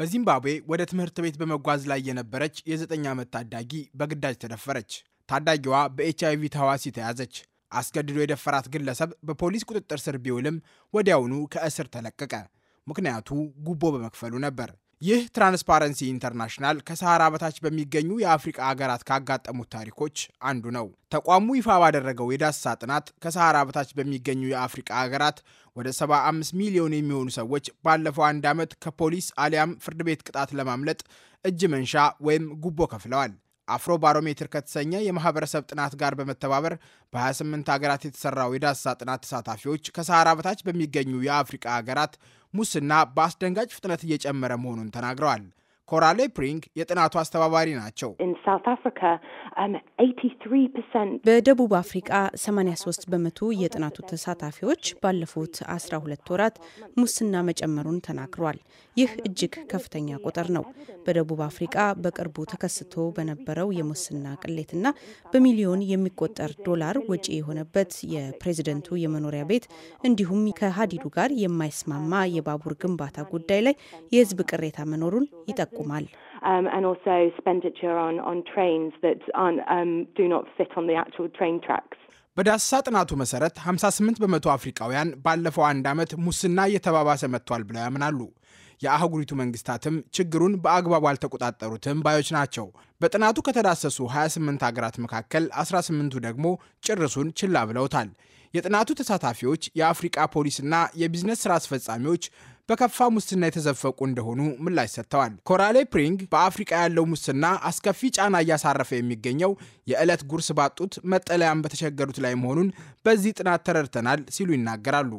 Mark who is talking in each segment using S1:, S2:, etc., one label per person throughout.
S1: በዚምባብዌ ወደ ትምህርት ቤት በመጓዝ ላይ የነበረች የዘጠኝ ዓመት ታዳጊ በግዳጅ ተደፈረች። ታዳጊዋ በኤች ቪ ተህዋሲ ተያዘች። አስገድዶ የደፈራት ግለሰብ በፖሊስ ቁጥጥር ስር ቢውልም ወዲያውኑ ከእስር ተለቀቀ። ምክንያቱ ጉቦ በመክፈሉ ነበር። ይህ ትራንስፓረንሲ ኢንተርናሽናል ከሰሃራ በታች በሚገኙ የአፍሪቃ ሀገራት ካጋጠሙት ታሪኮች አንዱ ነው። ተቋሙ ይፋ ባደረገው የዳሳ ጥናት ከሰሃራ በታች በሚገኙ የአፍሪቃ ሀገራት ወደ 75 ሚሊዮን የሚሆኑ ሰዎች ባለፈው አንድ ዓመት ከፖሊስ አሊያም ፍርድ ቤት ቅጣት ለማምለጥ እጅ መንሻ ወይም ጉቦ ከፍለዋል። አፍሮ ባሮሜትር ከተሰኘ የማህበረሰብ ጥናት ጋር በመተባበር በ28 ሀገራት የተሰራው የዳሰሳ ጥናት ተሳታፊዎች ከሰሃራ በታች በሚገኙ የአፍሪቃ ሀገራት ሙስና በአስደንጋጭ ፍጥነት እየጨመረ መሆኑን ተናግረዋል። ኮራሌ ፕሪንግ የጥናቱ አስተባባሪ ናቸው። um,
S2: በደቡብ አፍሪቃ 83 በመቶ የጥናቱ ተሳታፊዎች ባለፉት 12 ወራት ሙስና መጨመሩን ተናግሯል። ይህ እጅግ ከፍተኛ ቁጥር ነው። በደቡብ አፍሪቃ በቅርቡ ተከስቶ በነበረው የሙስና ቅሌትና በሚሊዮን የሚቆጠር ዶላር ወጪ የሆነበት የፕሬዝደንቱ የመኖሪያ ቤት እንዲሁም ከሀዲዱ ጋር የማይስማማ የባቡር ግንባታ ጉዳይ ላይ የህዝብ ቅሬታ
S3: መኖሩን ይጠቁ ይጠቁማል። um, um,
S1: በዳሰሳ ጥናቱ መሰረት 58 በመቶ አፍሪካውያን ባለፈው አንድ ዓመት ሙስና እየተባባሰ መጥቷል ብለው ያምናሉ። የአህጉሪቱ መንግስታትም ችግሩን በአግባቡ አልተቆጣጠሩትም ባዮች ናቸው። በጥናቱ ከተዳሰሱ 28 ሀገራት መካከል 18ቱ ደግሞ ጭርሱን ችላ ብለውታል። የጥናቱ ተሳታፊዎች የአፍሪቃ ፖሊስና የቢዝነስ ሥራ አስፈጻሚዎች በከፋ ሙስና የተዘፈቁ እንደሆኑ ምላሽ ሰጥተዋል። ኮራሌ ፕሪንግ በአፍሪቃ ያለው ሙስና አስከፊ ጫና እያሳረፈ የሚገኘው የዕለት ጉርስ ባጡት መጠለያም በተቸገሩት ላይ መሆኑን በዚህ ጥናት ተረድተናል ሲሉ ይናገራሉ።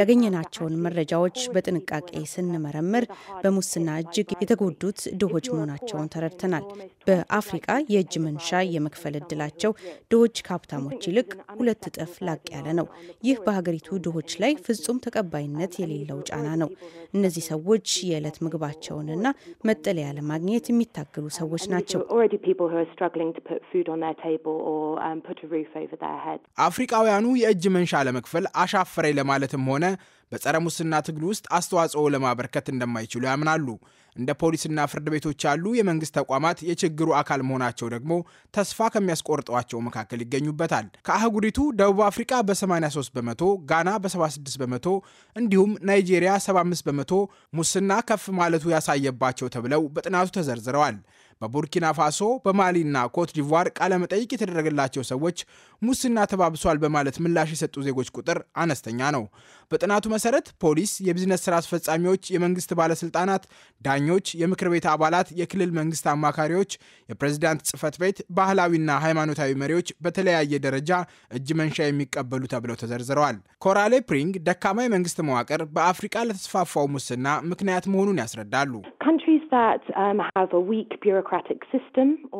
S2: ያገኘናቸውን መረጃዎች በጥንቃቄ ስንመረምር በሙስና እጅግ የተጎዱት ድሆች መሆናቸውን ተረድተናል። በአፍሪቃ የእጅ መንሻ የመክፈል እድላቸው ድሆች ከሀብታሞች ይልቅ ሁለት እጥፍ ላቅ ያለ ነው። ይህ በሀገሪቱ ድሆች ላይ ፍጹም ተቀባይነት የሌለው ጫና ነው። እነዚህ ሰዎች የዕለት ምግባቸውንና መጠለያ ለማግኘት የሚታገሉ ሰዎች ናቸው።
S3: um,
S1: አፍሪቃውያኑ የእጅ መንሻ ለመክፈል አሻፈረኝ ለማለትም ሆነ በጸረ ሙስና ትግል ውስጥ አስተዋጽኦ ለማበርከት እንደማይችሉ ያምናሉ። እንደ ፖሊስና ፍርድ ቤቶች ያሉ የመንግስት ተቋማት የችግሩ አካል መሆናቸው ደግሞ ተስፋ ከሚያስቆርጧቸው መካከል ይገኙበታል። ከአህጉሪቱ ደቡብ አፍሪካ በ83 በመቶ፣ ጋና በ76 በመቶ እንዲሁም ናይጄሪያ 75 በመቶ ሙስና ከፍ ማለቱ ያሳየባቸው ተብለው በጥናቱ ተዘርዝረዋል። በቡርኪና ፋሶ በማሊና ኮት ዲቯር ቃለመጠይቅ የተደረገላቸው ሰዎች ሙስና ተባብሷል በማለት ምላሽ የሰጡ ዜጎች ቁጥር አነስተኛ ነው። በጥናቱ መሰረት ፖሊስ፣ የቢዝነስ ስራ አስፈጻሚዎች፣ የመንግስት ባለስልጣናት፣ ዳ ዳኞች፣ የምክር ቤት አባላት፣ የክልል መንግስት አማካሪዎች፣ የፕሬዝዳንት ጽህፈት ቤት፣ ባህላዊና ሃይማኖታዊ መሪዎች በተለያየ ደረጃ እጅ መንሻ የሚቀበሉ ተብለው ተዘርዝረዋል። ኮራሌ ፕሪንግ ደካማ የመንግስት መዋቅር በአፍሪቃ ለተስፋፋው ሙስና ምክንያት መሆኑን ያስረዳሉ። um,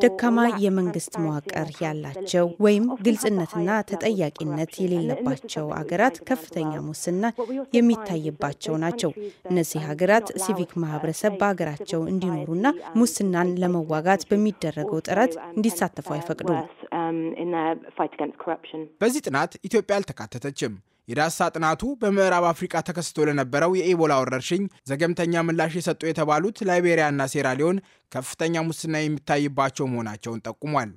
S3: ደካማ
S2: የመንግስት መዋቅር ያላቸው ወይም ግልጽነትና ተጠያቂነት የሌለባቸው አገራት ከፍተኛ ሙስና የሚታይባቸው ናቸው። እነዚህ ሀገራት ሲቪክ ማህበረሰብ በሀገራቸው እንዲኖሩና ሙስናን ለመዋጋት በሚደረገው ጥረት እንዲሳተፉ አይፈቅዱም።
S1: በዚህ ጥናት ኢትዮጵያ አልተካተተችም። የዳሳ ጥናቱ በምዕራብ አፍሪቃ ተከስቶ ለነበረው የኢቦላ ወረርሽኝ ዘገምተኛ ምላሽ የሰጡ የተባሉት ላይቤሪያና ሴራሊዮን ከፍተኛ ሙስና የሚታይባቸው መሆናቸውን ጠቁሟል።